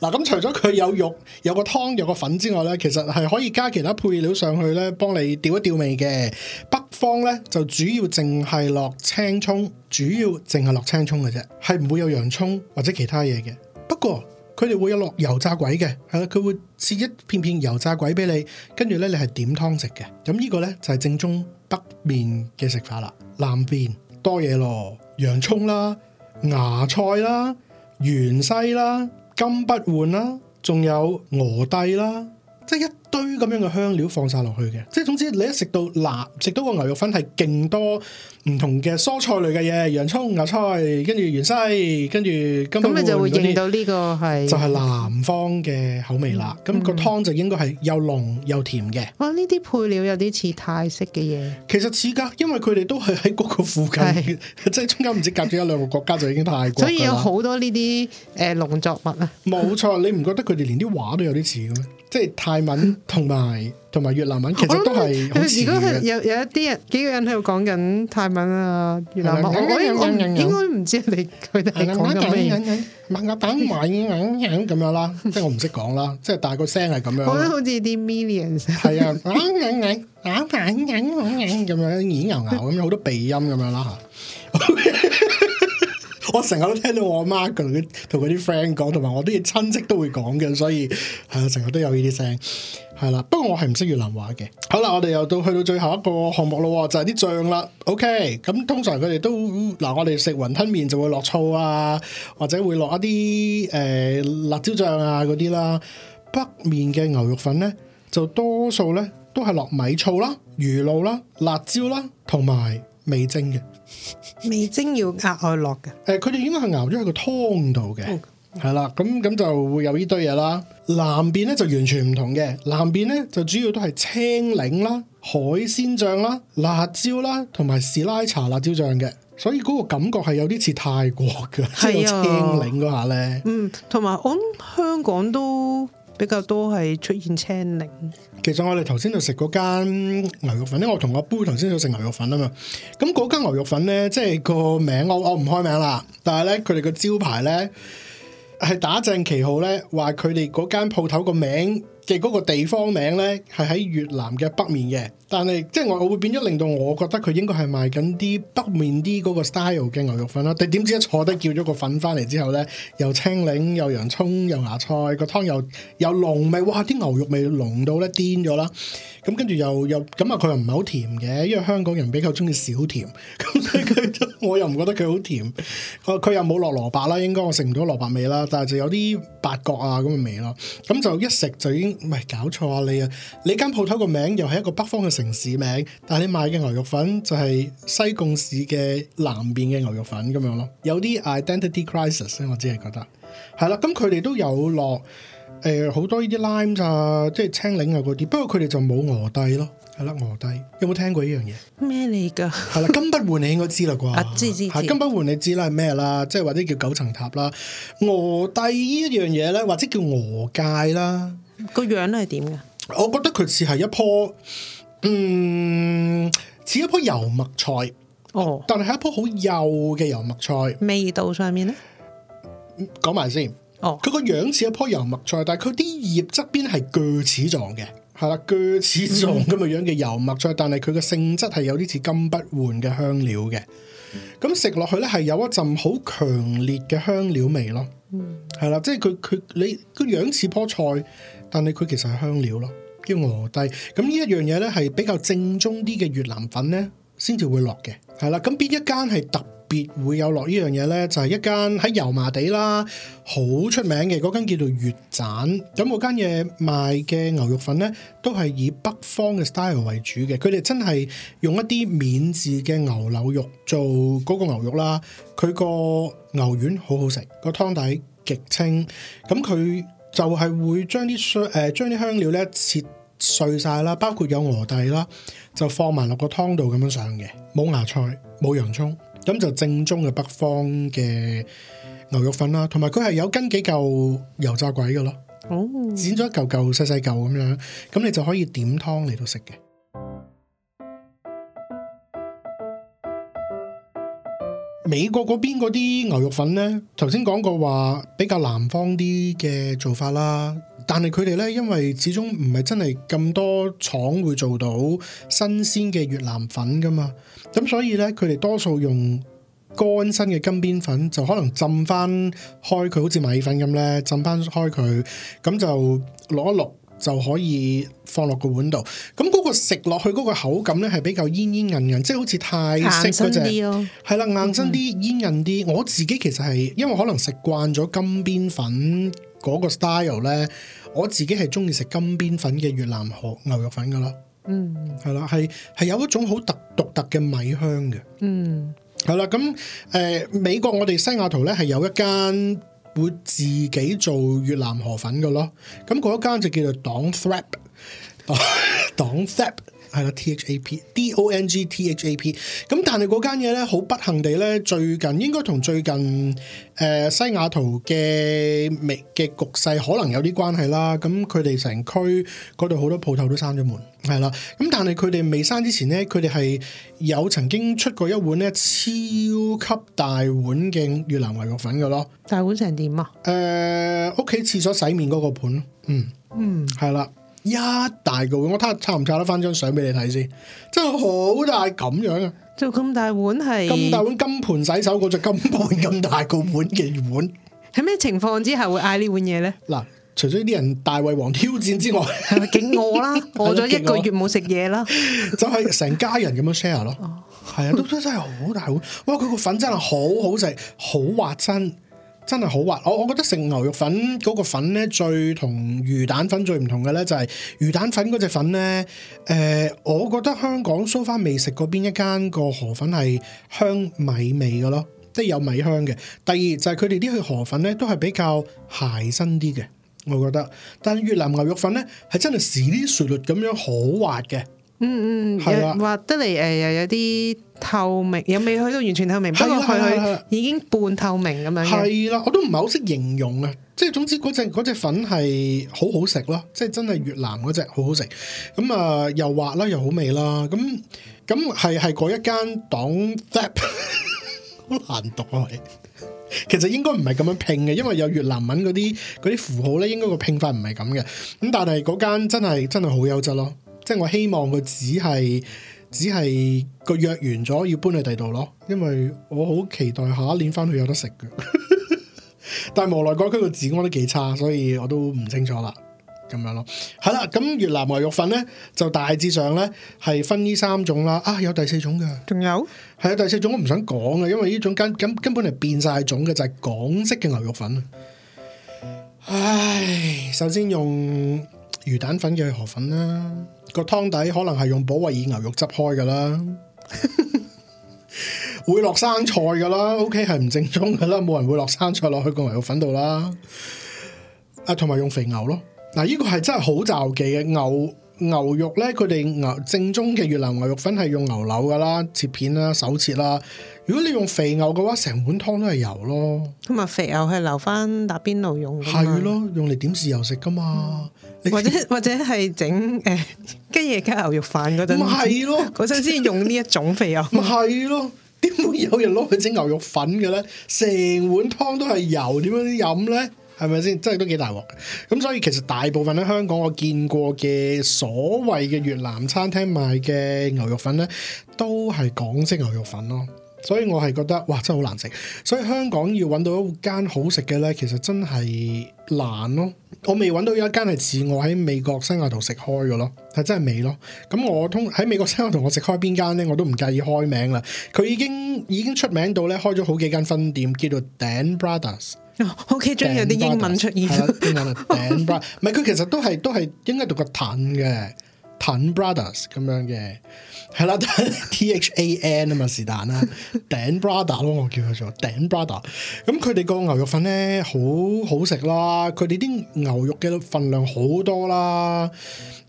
嗱、啊、咁除咗佢有肉、有個湯、有個粉之外咧，其實係可以加其他配料上去咧，幫你調一調味嘅。北方咧就主要淨係落青葱，主要淨係落青葱嘅啫，係唔會有洋葱或者其他嘢嘅。不過佢哋會有落油炸鬼嘅，係啦，佢會切一片片油炸鬼俾你，跟住咧你係點湯食嘅。咁呢個咧就係正宗北面嘅食法啦。南邊多嘢咯，洋葱啦、芽菜啦、芫茜啦、金不換啦，仲有鵝帝啦。即係一堆咁樣嘅香料放晒落去嘅，即係總之你一食到辣，食到個牛肉粉係勁多唔同嘅蔬菜類嘅嘢，洋葱、牛菜，跟住芫茜，跟住咁你就會認到呢個係就係南方嘅口味啦。咁、嗯、個湯就應該係又濃又甜嘅。哇、哦，呢啲配料有啲似泰式嘅嘢。其實似噶，因為佢哋都係喺嗰個附近，是即係中間唔知隔住一兩個國家就已經泰國。所以有好多呢啲誒農作物啊。冇錯，你唔覺得佢哋連啲畫都有啲似嘅咩？即係泰文同埋同埋越南文，其實都係。如果佢有有一啲人幾個人喺度講緊泰文啊越南文，我應該唔知佢哋佢哋講緊咩。鴨蛋米鴨鴨咁樣啦，即係我唔識講啦，即係大係個聲係咁樣。我覺得好似啲 millions。係啊，鴨鴨鴨鴨鴨鴨咁樣耳又拗咁樣好多鼻音咁樣啦嚇。我成日都聽到我阿媽同佢啲 friend 講，同埋我啲親戚都會講嘅，所以係啊，成日都有呢啲聲，係啦。不過我係唔識越南話嘅。好啦，我哋又到去到最後一個項目咯，就係、是、啲醬啦。OK，咁通常佢哋都嗱，我哋食雲吞麵就會落醋啊，或者會落一啲誒、呃、辣椒醬啊嗰啲啦。北面嘅牛肉粉咧，就多數咧都係落米醋啦、魚露啦、辣椒啦，同埋味精嘅。味精要額外落嘅，誒，佢哋應該係熬咗喺個湯度嘅，係啦，咁咁就會有呢堆嘢啦。南邊咧就完全唔同嘅，南邊咧就主要都係青檸啦、海鮮醬啦、辣椒啦，同埋是拉差辣椒醬嘅，所以嗰個感覺係有啲似泰國嘅，即係、啊、青檸嗰下咧，嗯，同埋我諗香港都。比較多係出現青檸。其實我哋頭先就食嗰間牛肉粉咧，我同阿杯頭先就食牛肉粉啊嘛。咁嗰間牛肉粉咧，即係個名，我我唔開名啦。但係咧，佢哋個招牌咧係打正旗號咧，話佢哋嗰間鋪頭個名。嘅嗰個地方名咧，係喺越南嘅北面嘅，但係即係我我會變咗令到我覺得佢應該係賣緊啲北面啲嗰個 style 嘅牛肉粉啦。但點知一坐低叫咗個粉翻嚟之後咧，又青檸又洋葱又芽菜，個湯又又濃味，哇！啲牛肉味濃到咧癲咗啦。咁跟住又又咁啊，佢又唔係好甜嘅，因為香港人比較中意少甜，咁所以佢就。我又唔覺得佢好甜，佢、啊、又冇落蘿蔔啦，應該我食唔到蘿蔔味啦，但係就有啲八角啊咁嘅味咯，咁就一食就已經，唔、哎、係搞錯啊你啊！你間鋪頭個名又係一個北方嘅城市名，但你賣嘅牛肉粉就係西貢市嘅南邊嘅牛肉粉咁樣咯，有啲 identity crisis，我只係覺得，係啦，咁佢哋都有落誒好多呢啲 lime 啊，即係青檸啊嗰啲，不過佢哋就冇俄帝咯。係啦，峨底、嗯、有冇聽過呢樣嘢？咩嚟噶？係啦，金不換你應該知啦啩？啊，知知，知。係金不換你知啦係咩啦？即係或者叫九層塔啦，峨底呢一樣嘢咧，或者叫峨界啦、嗯。個樣咧係點嘅？我覺得佢似係一棵，嗯，似一棵油麥菜。哦。但係係一棵好幼嘅油麥菜。味道上面咧，講埋先。哦。佢個樣似一棵油麥菜，但係佢啲葉側邊係鋸齒狀嘅。係啦，鋸齒狀咁嘅樣嘅油麥菜，但係佢嘅性質係有啲似金不換嘅香料嘅。咁食落去咧，係有一陣好強烈嘅香料味咯。嗯，係啦，即係佢佢你個樣似棵菜，但係佢其實係香料咯，叫鵝低、呃。咁呢一樣嘢咧，係比較正宗啲嘅越南粉咧，先至會落嘅。係啦，咁邊一間係特？會有落呢樣嘢咧，就係、是、一間喺油麻地啦，好出名嘅嗰間叫做越讚。咁嗰間嘢賣嘅牛肉粉咧，都係以北方嘅 style 為主嘅。佢哋真係用一啲免治嘅牛柳肉做嗰個牛肉啦。佢個牛丸好好食，個湯底極清。咁佢就係會將啲香誒將啲香料咧切碎晒啦，包括有鵝帝啦，就放埋落個湯度咁樣上嘅，冇芽菜，冇洋葱。咁就正宗嘅北方嘅牛肉粉啦，同埋佢係有跟幾嚿油炸鬼嘅咯，Oh. 剪咗一嚿嚿細細嚿咁樣，咁你就可以點湯嚟到食嘅。美國嗰邊嗰啲牛肉粉呢，頭先講過話比較南方啲嘅做法啦。但係佢哋咧，因為始終唔係真係咁多廠會做到新鮮嘅越南粉噶嘛，咁所以咧，佢哋多數用乾身嘅金邊粉，就可能浸翻開佢，好似米粉咁咧，浸翻開佢，咁就淥一淥就可以放落個碗度。咁嗰個食落去嗰個口感咧，係比較煙煙韌韌，即係好似泰式嗰隻，係啦、哦，硬身啲、煙韌啲。嗯、我自己其實係因為可能食慣咗金邊粉。嗰個 style 咧，我自己係中意食金邊粉嘅越南河牛肉粉噶咯，嗯，係啦，係係有一種好特獨特嘅米香嘅，嗯，係啦，咁誒、呃、美國我哋西雅圖咧係有一間會自己做越南河粉噶咯，咁嗰一間就叫做 Dang Thap，Dang Thap。 係啦，THAP，DONG，THAP。咁但係嗰間嘢咧，好不幸地咧，最近應該同最近誒、呃、西雅圖嘅未嘅局勢可能有啲關係啦。咁佢哋成區嗰度好多鋪頭都閂咗門，係啦。咁但係佢哋未閂之前咧，佢哋係有曾經出過一碗咧超級大碗嘅越南牛肉粉嘅咯。大碗成點啊？誒、呃，屋企廁所洗面嗰個盤，嗯嗯，係啦。一大個碗，我睇下差唔差得翻張相俾你睇先，真係好大咁樣啊！做咁大碗係，咁大碗金盆洗手嗰隻金盆咁大個碗嘅碗，喺咩情況之下會嗌呢碗嘢咧？嗱，除咗啲人大胃王挑戰之外，係咪勁餓啦？餓咗 一個月冇食嘢啦， 就係成家人咁樣 share 咯，係 啊，都真係好大碗，哇！佢個粉真係好好食，好滑身。真係好滑，我我覺得食牛肉粉嗰個粉咧，最同魚蛋粉最唔同嘅咧，就係魚蛋粉嗰隻粉咧。誒、呃，我覺得香港蘇花未食過邊一間個河粉係香米味嘅咯，即係有米香嘅。第二就係佢哋啲去河粉咧，都係比較鞋身啲嘅，我覺得。但係越南牛肉粉咧，係真係時啲水律咁樣好滑嘅。嗯嗯，滑、嗯啊、得嚟誒又有啲透明，又未去到完全透明，啊啊啊、不過佢已經半透明咁樣。係啦，我都唔係好識形容啊，即係總之嗰隻嗰隻粉係好好食咯，即係真係越南嗰隻好好食。咁啊又滑啦，又好味啦，咁咁係係嗰一間檔，好 難讀啊！其實應該唔係咁樣拼嘅，因為有越南文嗰啲啲符號咧，應該個拼法唔係咁嘅。咁但係嗰間真係真係好優質咯。即我希望佢只係只係個約完咗，要搬去第度咯。因為我好期待下一年翻去有得食嘅。 但係無奈，嗰區個治安都幾差，所以我都唔清楚啦。咁樣咯，係啦。咁、嗯、越南牛肉粉咧，就大致上咧係分呢三種啦。啊，有第四種嘅，仲有係啊，第四種我唔想講嘅，因為呢種根根根本係變晒種嘅，就係、是、港式嘅牛肉粉。唉，首先用魚蛋粉嘅河粉啦。個湯底可能係用保衛爾牛肉汁開噶啦， 會落生菜噶啦，OK 係唔正宗噶啦，冇人會落生菜落去個牛肉粉度啦。啊，同埋用肥牛咯，嗱、啊、呢、這個係真係好罩忌嘅牛牛肉咧，佢哋牛正宗嘅越南牛肉粉係用牛柳噶啦，切片啦，手切啦。如果你用肥牛嘅話，成碗湯都係油咯。咁啊，肥牛係留翻打邊爐用，係咯， 用嚟點豉油食噶嘛、嗯你或？或者或者係整誒雞翼加牛肉飯嗰陣，唔係咯，嗰陣先用呢一種肥牛，唔係咯？點會有人攞去整牛肉粉嘅咧？成 碗湯都係油，點樣飲咧？係咪先？真係都幾大鑊。咁所以其實大部分喺香港我見過嘅所謂嘅越南餐廳賣嘅牛肉粉咧，都係港式牛肉粉咯。所以我係覺得，哇，真係好難食。所以香港要揾到一間好食嘅呢，其實真係難咯。我未揾到有一間係自我喺美國西雅圖食開嘅咯，係真係未咯。咁我通喺美國西雅圖我食開邊間呢？我都唔介意開名啦。佢已經已經出名到呢，開咗好幾間分店，叫做 Dan Brothers。Oh, OK，終於 Dan 有啲英文出現。英文啊，Dan，Brothers。 唔係佢其實都係都係應該讀個「淡」嘅。Dan Brothers 咁樣嘅，係啦，T H A N 啊嘛是但啦，Dan Brother 咯，我叫佢做 Dan Brother，咁佢哋個牛肉粉咧好好食啦，佢哋啲牛肉嘅份量好多啦，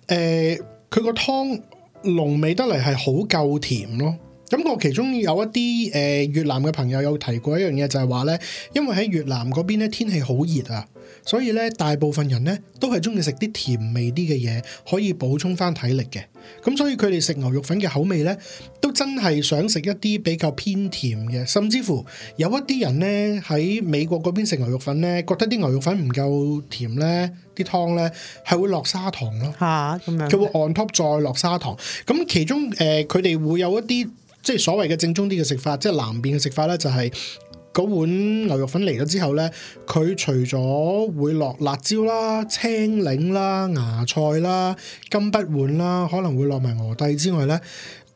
誒佢個湯濃味得嚟係好夠甜咯，咁、嗯、我其中有一啲誒、呃、越南嘅朋友有提過一樣嘢就係話咧，因為喺越南嗰邊咧天氣好熱啊。所以咧，大部分人咧都係鍾意食啲甜味啲嘅嘢，可以補充翻體力嘅。咁所以佢哋食牛肉粉嘅口味咧，都真係想食一啲比較偏甜嘅。甚至乎有一啲人咧喺美國嗰邊食牛肉粉咧，覺得啲牛肉粉唔夠甜咧，啲湯咧係會落砂糖咯。嚇、啊，咁樣佢會 on top 再落砂糖。咁其中誒，佢、呃、哋會有一啲即係所謂嘅正宗啲嘅食法，即係南邊嘅食法咧，就係、是。嗰碗牛肉粉嚟咗之後呢，佢除咗會落辣椒啦、青檸啦、芽菜啦、金不換啦，可能會落埋鵝蛋之外呢，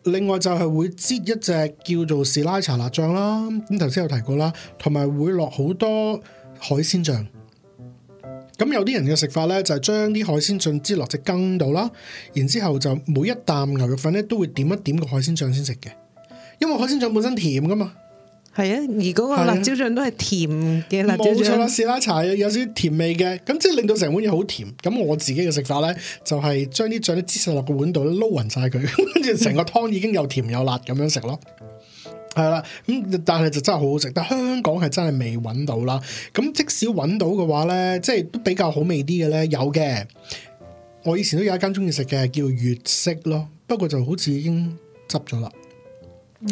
另外就係會擠一隻叫做士拉茶辣醬啦。咁頭先有提過啦，同埋會落好多海鮮醬。咁有啲人嘅食法呢，就係將啲海鮮醬擠落隻羹度啦，然之後就每一啖牛肉粉呢都會點一點個海鮮醬先食嘅，因為海鮮醬本身甜㗎嘛。係啊，而嗰個辣椒醬都係甜嘅辣椒醬，冇錯啦！試奶茶有少少甜味嘅，咁即係令到成碗嘢好甜。咁我自己嘅食法咧，就係、是、將啲醬咧擠晒落個碗度，撈匀晒佢，跟住成個湯已經又甜又辣咁樣食咯。係啦， 咁但係就真係好好食，但香港係真係未揾到啦。咁即使揾到嘅話咧，即係都比較好味啲嘅咧，有嘅。我以前都有一間中意食嘅叫粵式咯，不過就好似已經執咗啦。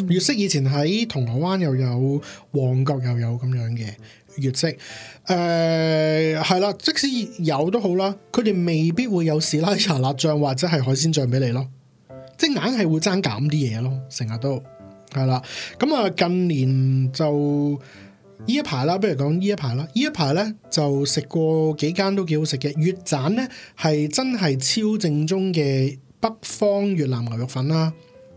越式以前喺銅鑼灣又有，旺角又有咁樣嘅越式，誒、呃、係啦，即使有都好啦，佢哋未必會有士拉茶辣醬或者係海鮮醬俾你咯，即係硬係會爭減啲嘢咯，成日都係啦。咁、嗯、啊，近年就呢一排啦，不如講呢一排啦，一呢一排咧就食過幾間都幾好食嘅，越盞咧係真係超正宗嘅北方越南牛肉粉啦。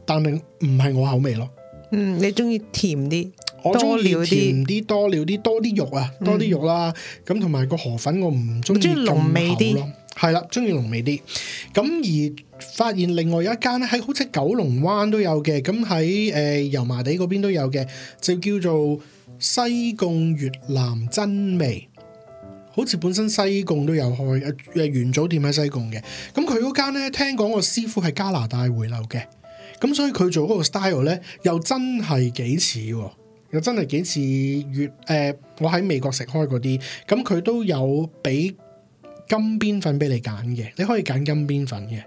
但係唔係我口味咯，嗯，你中意甜啲，我中意甜啲多料啲，多啲肉啊，嗯、多啲肉啦，咁同埋個河粉我唔中意濃味啲咯，係啦，中意濃味啲。咁而發現另外有一間咧喺好似九龍灣都有嘅，咁喺誒油麻地嗰邊都有嘅，就叫做西貢越南珍味。好似本身西貢都有開誒誒元祖店喺西貢嘅，咁佢嗰間咧聽講個師傅係加拿大回流嘅。咁所以佢做嗰個 style 咧，又真係幾似喎，又真係幾似越誒、呃，我喺美國食開嗰啲，咁佢都有俾金邊粉俾你揀嘅，你可以揀金邊粉嘅，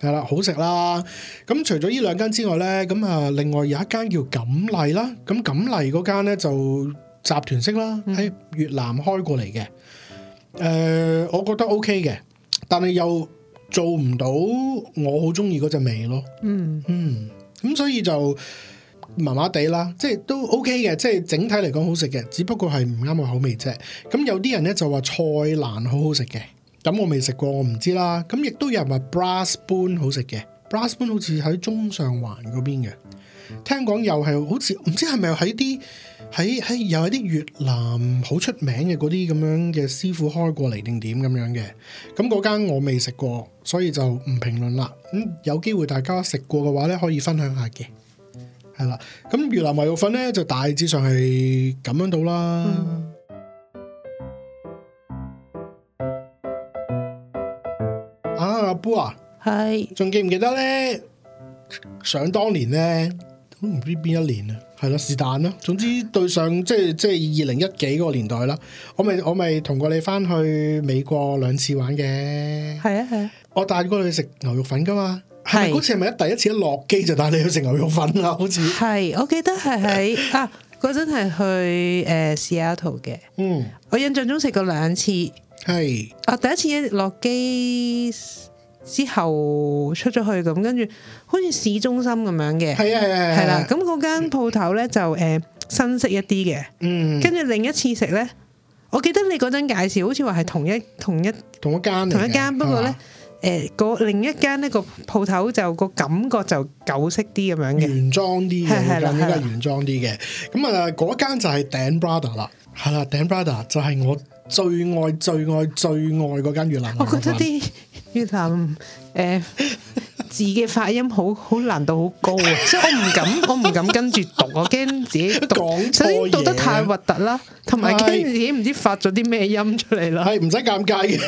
係啦，好食啦。咁除咗呢兩間之外咧，咁啊，另外有一間叫錦麗啦，咁錦麗嗰間咧就集團式啦，喺越南開過嚟嘅。誒、呃，我覺得 OK 嘅，但係又做唔到我好中意嗰隻味咯，嗯嗯，咁、嗯、所以就麻麻地啦，即係都 OK 嘅，即係整體嚟講好食嘅，只不過係唔啱我口味啫。咁有啲人咧就話菜蘭好好食嘅，咁我未食過我唔知啦。咁亦都有人話 Brass Spoon 好食嘅 Brass Spoon 好似喺中上環嗰邊嘅，聽講又係好似唔知係咪喺啲。喺喺又係啲越南好出名嘅嗰啲咁樣嘅師傅開過嚟，定點咁樣嘅，咁嗰間我未食過，所以就唔評論啦。咁有機會大家食過嘅話咧，可以分享下嘅。係啦，咁越南牛肉粉咧就大致上係咁樣到啦。嗯、啊阿波啊，係仲是記唔記得咧？想當年咧，都唔知邊一年啊？係咯，是但咯。總之對上即係即係二零一幾嗰個年代啦。我咪我咪同過你翻去美國兩次玩嘅。係啊係。啊我帶過你去食牛肉粉噶嘛？係嗰是次係咪第一次一落機就帶你去食牛肉粉啦，啊？好似係，我記得係喺 啊嗰陣係去誒、呃、Seattle 嘅。嗯，我印象中食過兩次。係是啊，第一次一落機。之後出咗去咁，跟住，好似市中心咁樣嘅，係啊係啊，係啦。咁嗰間鋪頭咧就誒新式一啲嘅，嗯。跟住另一次食咧，我記得你嗰陣介紹，好似話係同一同一同一間，同一間。不過咧，誒，另一間呢個鋪頭就個感覺就舊式啲咁樣嘅，原裝啲嘅，呢間呢間原裝啲嘅。咁啊，嗰間就係 Dan Brother 啦，係啦，Dan Brother 就係我最愛最愛最愛嗰間越南。我覺得啲。越、呃、字嘅發音好好難度好高啊！ 即係我唔敢，我唔敢跟住讀，我驚自己讀，讀得太核突啦。同埋驚自己唔知發咗啲咩音出嚟啦。係唔使尷尬嘅，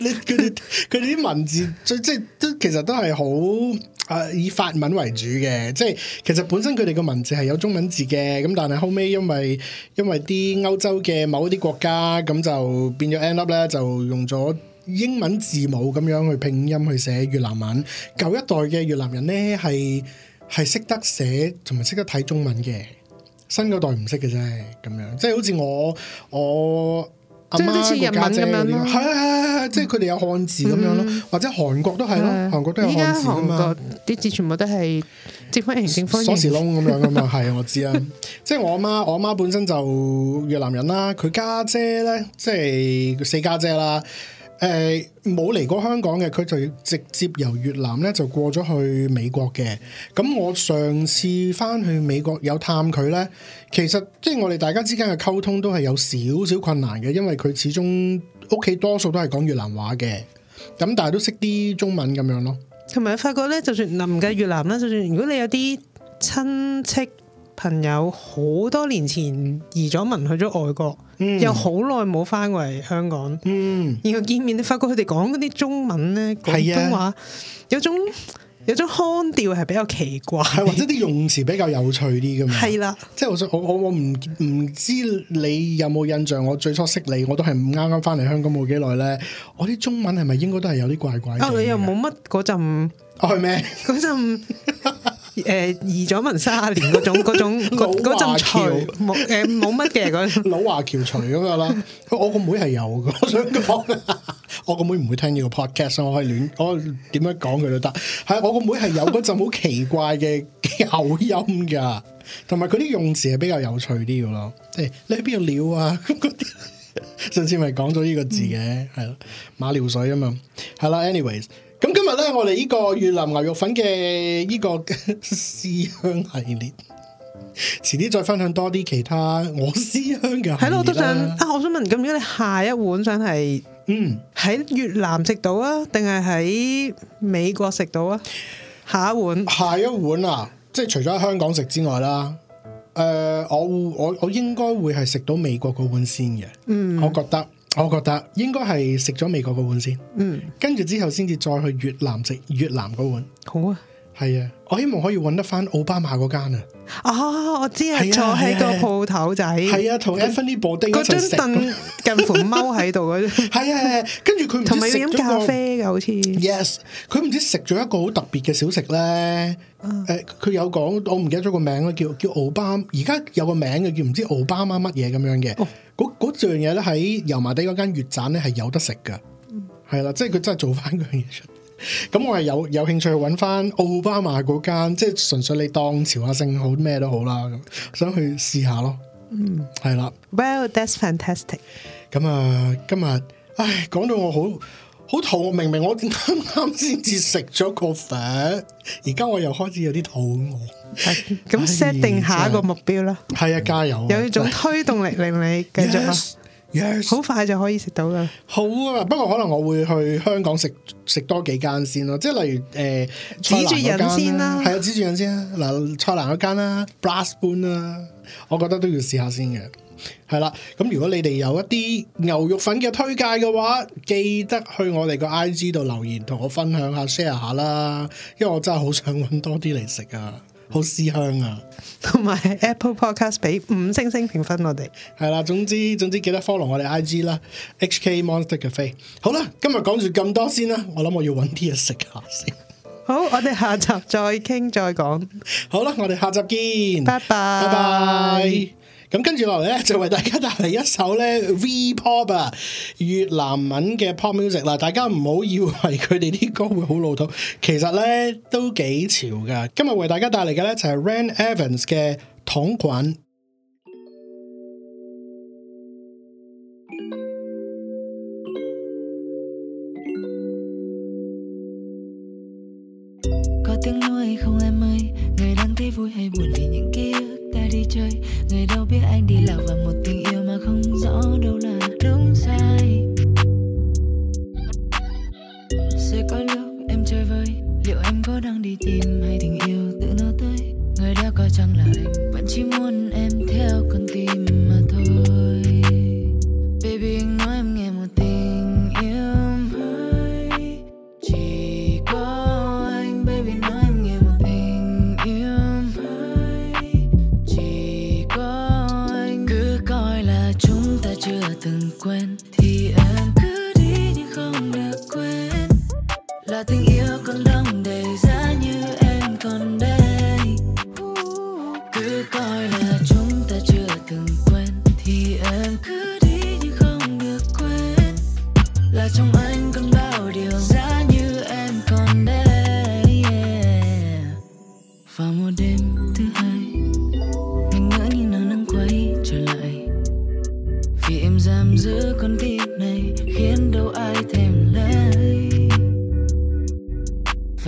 你佢哋佢哋啲文字最，最即係都其實都係好啊，以法文為主嘅。即係其實本身佢哋個文字係有中文字嘅，咁但係後尾，因為因為啲歐洲嘅某一啲國家咁就變咗 end up 咧，就用咗。英文字母咁樣去拼音去寫越南文，舊一代嘅越南人咧係係識得寫同埋識得睇中文嘅，新嗰代唔識嘅啫，咁樣即係好似我我阿媽個家姐咁樣，係係係，即係佢哋有漢字咁樣，嗯、咯，或者韓國都係咯，韓國都有漢字啊嘛，啲字全部都係直方形、正方形，鎖匙窿咁樣噶嘛，係 我知啊。 即係我阿媽，我阿媽本身就越南人啦，佢家姐咧，即係四家姐啦。誒冇嚟過香港嘅，佢就直接由越南咧就過咗去美國嘅。咁我上次翻去美國有探佢咧，其實即係我哋大家之間嘅溝通都係有少少困難嘅，因為佢始終屋企多數都係講越南話嘅，咁但係都識啲中文咁樣咯。同埋我發覺咧，就算臨嘅越南咧，就算如果你有啲親戚朋友好多年前移咗民去咗外國，嗯、又好耐冇翻過嚟香港，嗯、然後見面，你發覺佢哋講嗰啲中文咧，廣東話有種有種腔調係比較奇怪，或者啲用詞比較有趣啲噶嘛？係啦的，即係我想，我我我唔唔知你有冇印象，我最初識你，我都係啱啱翻嚟香港冇幾耐咧，我啲中文係咪應該都係有啲怪怪？啊，你又冇乜嗰陣，哦，係咩？嗰陣、哦。 誒，移咗文卅年嗰種嗰種陣馀冇誒冇乜嘅嗰老華僑除咁噶啦，我個妹係有噶，我想講， 我個妹唔會聽呢個 podcast 我可以亂我點樣講佢都得，係我個妹係有嗰陣好奇怪嘅口音噶，同埋佢啲用詞係比較有趣啲噶咯，誒、欸，你喺邊度撩啊？咁啲，上次咪講咗呢個字嘅，係咯、嗯，馬料水吖嘛，係啦，anyways。咁今日咧，我哋呢個越南牛肉粉嘅呢個思 鄉系列，遲啲再分享多啲其他我思鄉嘅。係咯、 啊，我都想啊，我想問咁，如果你下一碗想係，嗯，喺越南食到啊，定係喺美國食到啊？下一碗，下一碗啊，即係除咗喺香港食之外啦，誒、呃，我我我應該會係食到美國嗰碗先嘅，嗯，我覺得。我覺得應該係食咗美國嗰碗先，嗯，跟住之後先至再去越南食越南嗰碗，好啊，係啊，我希望可以搵得返奧巴馬嗰間啊。哦，我知，坐喺個鋪頭仔，係啊，同、啊、Anthony Bourdain 嗰張凳近乎踎喺度嗰，係 啊，跟住佢唔知食咗個，咖啡嘅好似，Yes，佢唔知食咗一個好特別嘅小食咧，誒、啊，佢、呃、有講，我唔記得咗個名啦，叫叫奧巴馬而家有個名嘅叫唔知奧巴馬乜嘢咁樣嘅，嗰嗰樣嘢咧喺油麻地嗰間粵棧咧係有得食噶，係啦、嗯，即係佢真係做翻嘅嘢。咁、嗯、我係有有興趣去揾翻奧巴馬嗰間，即係純粹你當朝下聖好咩都好啦，咁想去試下咯。嗯，係啦的。Well, that's fantastic。咁啊，今日，唉，講到我好好肚餓，明明我啱啱先至食咗個飯，而家我又開始有啲肚餓。咁 set、啊、定下一個目標啦。係啊，加油、啊！有呢種推動力令 你繼續。 yes. 好 Yes, 快就可以食到啦！好啊，不過可能我會去香港食食多幾間先咯、啊，即係例如誒、呃，蔡瀾嗰間啦，係啊，啊，蔡瀾嗰間啦，嗱，蔡瀾嗰間啦 Brass Spoon 啦、啊，我覺得都要試下先嘅，係啦。咁如果你哋有一啲牛肉粉嘅推介嘅話，記得去我哋個 IG 度留言，同我分享下，share 下啦，因為我真係好想揾多啲嚟食啊！好思鄉啊，同埋 Apple Podcast 俾五星星評分，我哋係啦，總之總之記得 follow 我哋 IG 啦，HK Monster 嘅飛好啦，今日講住咁多先啦，我諗我要揾啲嘢食下先。 好，我哋下集再傾 再講講。好啦，我哋下集見，拜拜拜拜。Bye bye 咁跟住落嚟咧，就為大家帶嚟一首咧 V-pop 啊，越南文嘅 pop music 啦。大家唔好以為佢哋啲歌會好老土，其實咧都幾潮噶。今日為大家帶嚟嘅咧就係、是、Wren Evans 嘅《Từng Quen》。